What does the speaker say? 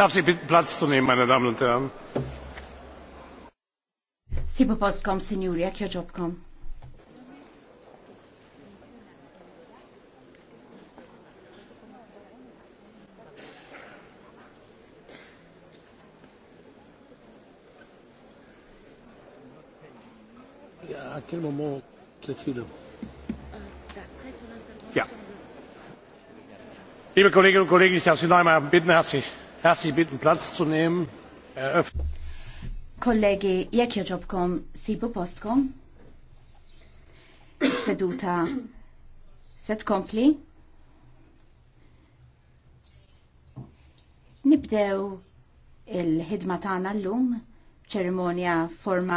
Darf Sie bitten, Platz zu nehmen, meine Damen und Herren? Sibu signori, jak joġobkom. Ja, quel moment clôture Ja. Liebe Kolleginnen und Kollegen, ich darf Sie noch einmal bitten, herzlich Herzlich bitten, Platz zu nehmen. Kollegi, jekk joġobkom sibu postkom. Seduta set kompli. Nibdew il-ħidma tagħna llum, ċerimonja formali.